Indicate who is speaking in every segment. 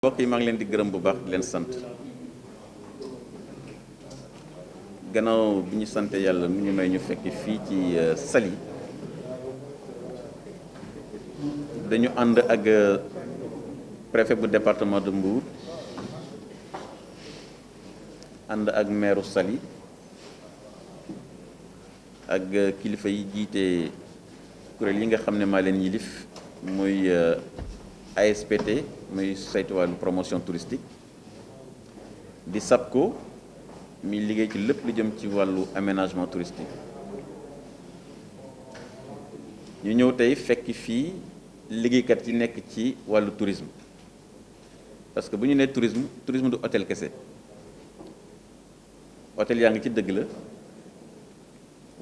Speaker 1: mbokk yi maa ngi leen di gërëm bu baax di leen sant gannaaw bi ñu sante yàlla mu ñu may ñu fekk fii ci euh, Saly dañu ànd ak euh, préfet bu département de Mbour ànd ak maire Saly ak euh, kilifa yi jiite kuréel yi nga xam ne maa leen yilif muy ASPT mais c'est une promotion touristique di SAPCO mi liggéey ci lépp qui le ci aménagement touristique ñu ñëw tey fekk qui liggéeykat yi nekk ci tourisme parce que bu ñu nee tourisme tourisme du hôtel kese hôtel yaa est ci dëgg la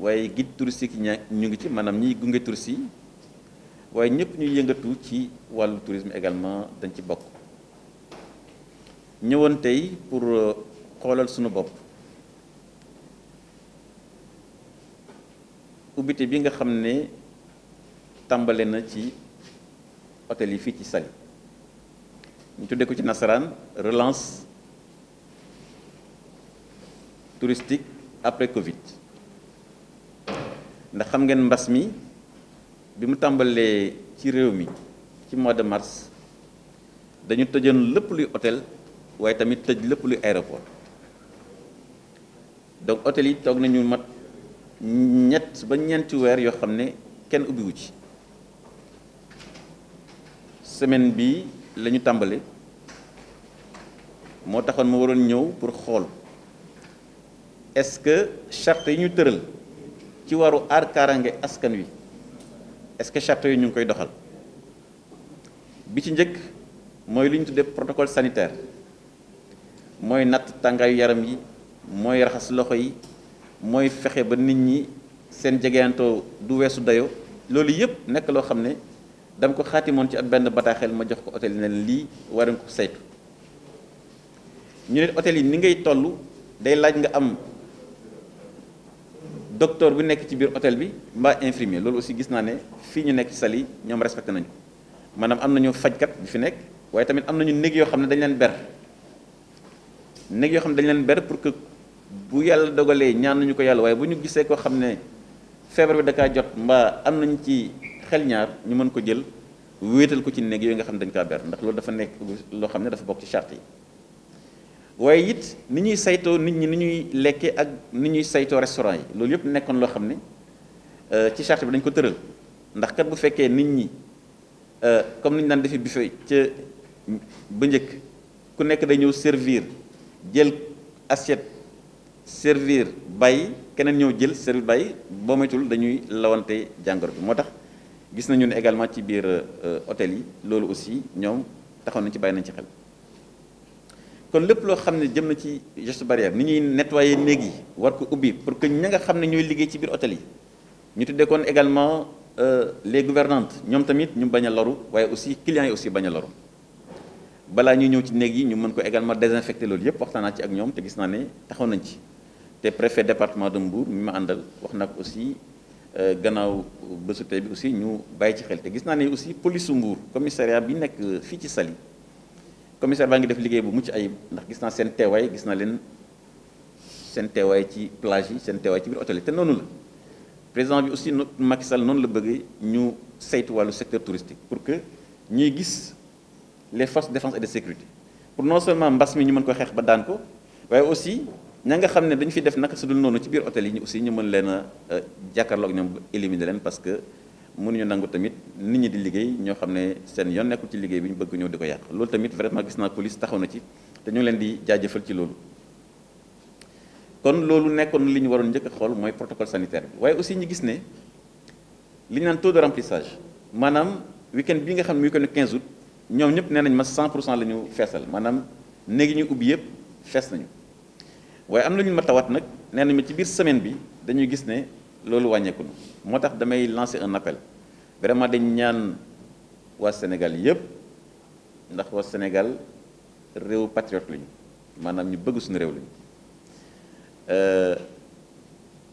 Speaker 1: waaye guide touristique yi ñu ngi ci maanaam ñiy gunge waaye ñëpp ñuy yëngatu ci wàllu tourisme également dañ ci bokk ñëwoon tey pour euh, xoolal sunu bopp ubbite bi nga xam ne tàmbale na ci hôtel yi fii ci Saly ñu tuddee ko ci nasaraan relance touristique après Covid ndax xam ngeen mbas mi bi mu tàmbalee ci réew mi ci mois de mars dañu tëjan lépp luy hôtel waaye tamit tëj lépp luy aéroport donc hôtel yi toog nañu mat ñett ba ñeenti weer yoo xam ne kenn ubbiwu ci semaine bi la ñu tàmbale moo taxoon ma waroon ñëw pour xool est-ce que charte yi ñu tëral ci waru aar kaaraange askan wi est-ce que charte ñu ngi koy doxal bi ci njëkk mooy li ñu def protocole sanitaire mooy natt tàngaayu yaram yi mooy raxas loxo yi mooy fexe ba nit ñi seen jegeyantoo du weesu dayo loolu yëpp nekk loo xam ne dama ko xaatimoon ci ab benn bataaxeel ma jox ko hôtel yi ne lii war ko saytu ñu ne hôtel yi ni ngay toll day laaj nga am docteur bu nek ci biir hôtel bi mba infirmier lolou aussi gis naa ne fii ñu nek ci sali ñom respecté nañ ko manam amna ñu nañu kat bi fi nek waaye tamit amna ñu néeg yo xamné dañ leen ber néeg yo xamné dañ leen ber pour que bu yalla dogalee ñaan nañu ko yàlla waaye bu ñu gisee ko xamné ne bi da ka jot mba amna ñu ci xel ñaar ñu mën ko jël wétal ko ci néeg yo nga xamné dañ ka ber ndax lolou dafa nek lo xamné dafa bok ci charte yi waaye it ni ñuy saytoo nit ñi ni ñuy lekkee ak ni ñuy saytoo restaurant yi loolu yëpp nekkoon loo xam ne euh, ci charte bi dañ ko tëral ndax kat bu fekkee nit ñi euh, comme ni ñu daan defee buffet ca ba njëkk ku nekk day ñëw servir jël assiette servir bàyyi keneen ñëw jël servir bàyyi boo dañuy lawante jàngoro bi moo tax gis nañu ne également ci biir euh, hôtel yi loolu aussi ñoom taxoon nañ ci bàyyi nañ ci xel. kon lepp lo xamne ne jëm na ci geste barrière ni ñuy nettoyer néeg yi war ko ubbi pour que ña nga xam ne liggéey ci biir hôtel yi ñu tuddee kon également euh, les gouvernantes ñom tamit ñu baña loru waye aussi clients yi aussi baña loru bala ñuy ñew ci néeg yi ñu mën ko également désinfecter lool yëpp waxtaan ci ak ñom te gis na né taxaw nañ ci té préfet département de Mbour mi ma andal wax nak ko aussi euh, gannaaw bésu tey bi aussi ñu bay ci xel te gis na né aussi police Mbour commissariat bi nekk euh, fi ci Saly commissaire baa ngi def liggéey bu mucc ayib ndax gis na sen teway gis na len sen teway ci plage yi seen teewaay ci biir hôtel te nonu la président bi aussi Macky Sall noonu la bëgg ñu saytu walu secteur touristique pour que ñuy gis les forces de défense et de sécurité pour non seulement mbass mi ñu mën ko xex ba daan ko waye aussi ña nga xam ne fi def nak sudul nonu ci biir hôtel yi ñu aussi ñu mën leena euh, jakarlok ñom ak ñoom éliminer leen parce que mënuñu nangu tamit nit ñi di liggéey ñoo xam ne seen yoon nekkul ci liggéey bi ñu bëgg ñëw di ko yàq loolu tamit vraiment gis naa police taxaw na ci te ñu leen di jaajafal ci loolu kon loolu nekkoon li ñu waroon njëkk xool mooy protocole sanitaire bi waaye aussi ñu gis ne li ñu naan taux de remplissage maanaam week-end bi nga xam ne muy ko ne 15 août ñoom ñëpp nee nañ ma 100 pour la ñu feesal maanaam néegi ñu ubbi yëpp fees nañu waaye am na ñu ma tawaat nag nee nañ ci biir semaine bi dañuy gis ne loolu wàññeeku na moo tax damay lancer un appel vraiment dañ ñaan wa Sénégal yépp ndax wa Sénégal réew patriote lañu manam ñu bëgg suñu réew lañu euh,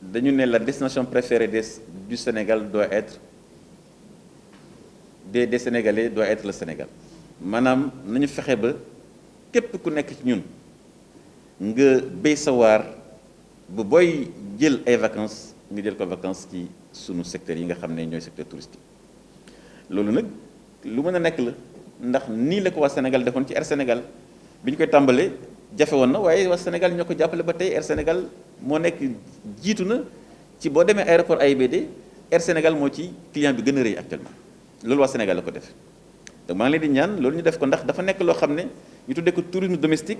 Speaker 1: dañu né la destination préférée des du Sénégal doit être des des Sénégalais doit être le Sénégal manam nañu fexé ba képp ku nekk ci ñun nga béy sa waar bu boy jël ay vacances ñu jël ko vacances ci sunu secteur yi nga xam ne ñooy secteur touristique loolu nag lu mën a nekk la ndax nii la ko waa Sénégal defoon ci Air Sénégal bi ñu koy tàmbalee jafe woon na waaye waa Sénégal ñoo ko jàppale ba tey Air Sénégal moo nekk jiitu na ci boo demee aéroport AIBD Air Sénégal moo ci client bi gën a rëy actuellement loolu waa Sénégal la ko def donc maa ngi leen di ñaan loolu ñu def ko ndax dafa nekk loo xam ne ñu tuddee ko tourisme domestique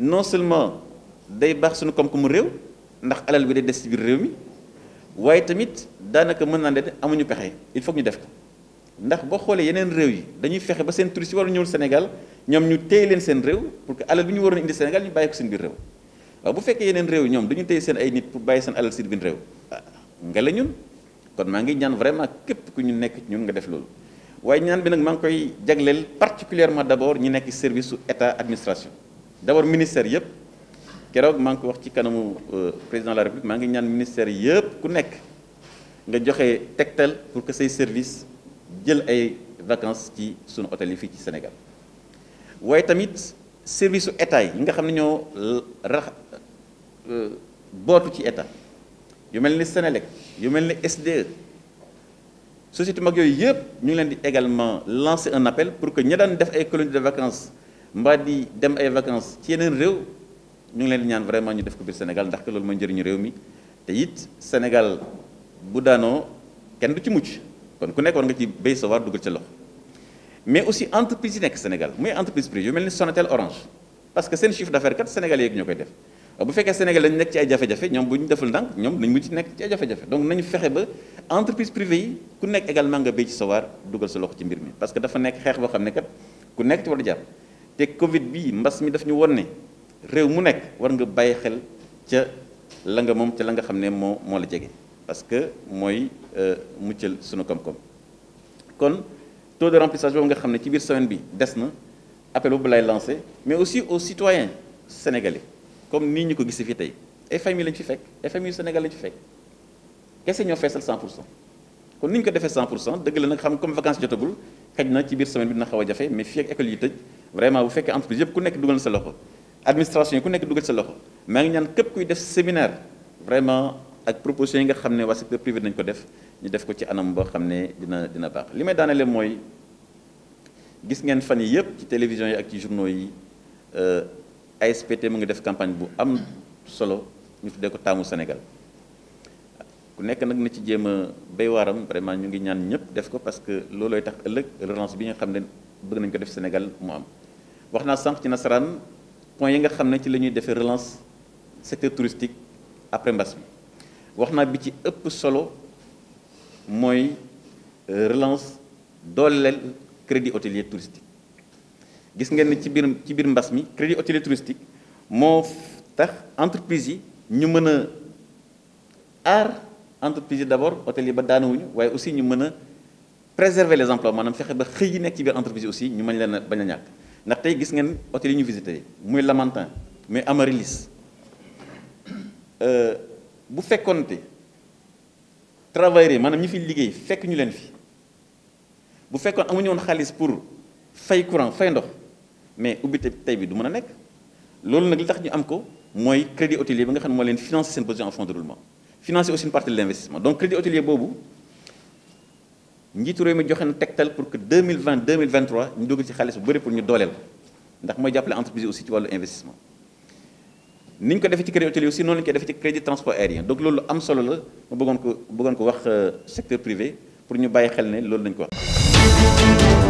Speaker 1: non seulement day baax suñu koom-koomu réew ndax alal bi day des ci biir réew mi waaye tamit danaka mën amuñu il faut ñu ndax yi dañuy ba Sénégal ñom ñu téy leen seen pour que alal bi ñu Sénégal ñu ko biir réew wa bu devons yenen réew ñom ay nit pour alal ah, nga la ñun kon ngi ñaan vraiment képp ku ñu nekk ñun nga def lool ñaan particulièrement service état administration D'abord, ministère keroog maa ko wax ci kanamu euh, président de la république mangi ñaan ministère yépp ku nekk nga joxé tegtal pour que say service jël ay vacances ci sun hôtel yi fii ci Sénégal way tamit service état yi nga xamni ñoo rax euh, botu ci état yu melni ni Sénélec yu melni ni SDE société mag yoy yépp ñu leen di également lancer un appel pour que ña daan def ay colonies de vacances mbaa di dem ay vacances ci yeneen réew ñu ngi leen ñaan vraiment ñu def ko biir Sénégal ndax que loolu mooy njëriñu réew mi té it Sénégal bu daano kenn du ci mucc kon ku nekk war nga ci béy sa waar dugal ca loxo mais aussi entreprise yi nekk Sénégal muy entreprise privée yu mel Sonatel Orange parce que seen chiffre d'affaires kat Sénégal yeeg ñokoy def bu fekkee Sénégal lañ nekk ci ay jafe-jafe ñoom buñu ñu deful ndànk ñoom nañ mujj nekk ci ay jafe-jafe donc nañu fexe ba entreprise privée yi ku nekk également nga béy ci sa waar dugal sa loxo ci mbir mi parce que dafa nekk xeex boo xam ne kat ku nekk ci war a jàpp te Covid bi mbas mi daf ñu won ne réew mu nek war nga baye xel ci la nga mom ci la nga xamné mo mo la djégé parce que moy euh muccal sunu koom-koom kon taux de remplissage boobu nga xamné ci biir semaine bi dess na appel bu lay lancé mais aussi aux citoyens sénégalais comme nii ñu ko gisee fi tay ay famille lañ ci fekk ay famille sénégal lañ fi fekk kese ñoo fessel 100 kon niñ ko défé 100 deug la nak xam comme vacances jotagul xajna ci biir semaine bi na xawa jafé mais fi ak école yi tëj vraiment bu fekkee entreprise yépp ku nekk dugal na sa loxo administration yi ku nekk dugal sa loxo maa ngi ñaan képp kuy def séminaire vraiment ak proposition yi nga xam ne waa secteur privé nañ ko def ñu def ko ci anam boo xam ne dina dina baax li may daanale mooy gis ngeen fan yi yëpp ci télévision yi ak ci journaux yi euh, ASPT mu ngi def campagne bu am solo ñu fi tuddee ko taamu Sénégal ku nekk nag na ci jéem a béy waaram vraiment ñu ngi ñaan ñëpp def ko parce que loolooy tax ëllëg relance bi nga xam ne bëgg nañ ko def Sénégal mu am point yi nga xam ne ci la ñuy defee relance secteur touristique après mbas mi wax naa bi ci ëpp solo mooy euh, relance dooleel crédit hôtelier touristique gis ngeen ne ci biir ci biir mbas mi crédit hôtelier touristique moo tax entreprise yi ñu mën a aar entreprise yi d'abord hôtel yi ba daanuwuñu waaye aussi ñu mën a préserver les emplois maanaam fexe ba xëy yi nekk ci biir entreprise aussi ñu mañ leen a bañ a ñàkk Nak tay gis ngeen hôtel ñu visité muy Lamantin Amarilis euh bu fekkoonte travailler? yi maanaam ñi fi liggéey fekk ñu leen fi bu fekkoon amuñu on xaliss pour fay courant fay ndox mais ubité tay bi du mëna nek nekk nak li tax ñu am ko moy crédit hôtelier bi nga xam mo leen financer seen besoin en fonds de roulement financer aussi une partie de l'investissement donc crédit hôtelier bobu nous réew mi joxe na pour que 2020 2023 ñu dugal ci xaliss bu bari pour ñu dolel ndax moy jàppale entreprise aussi ci walu investissement niñ ko defee ci crédit hôtelier aussi non lañ ko defee ci crédit transport aérien donc loolu am solo la ma bëggoon ko bëggoon ko wax euh, secteur privé pour ñu bàyyi xel ne loolu lañ ko wax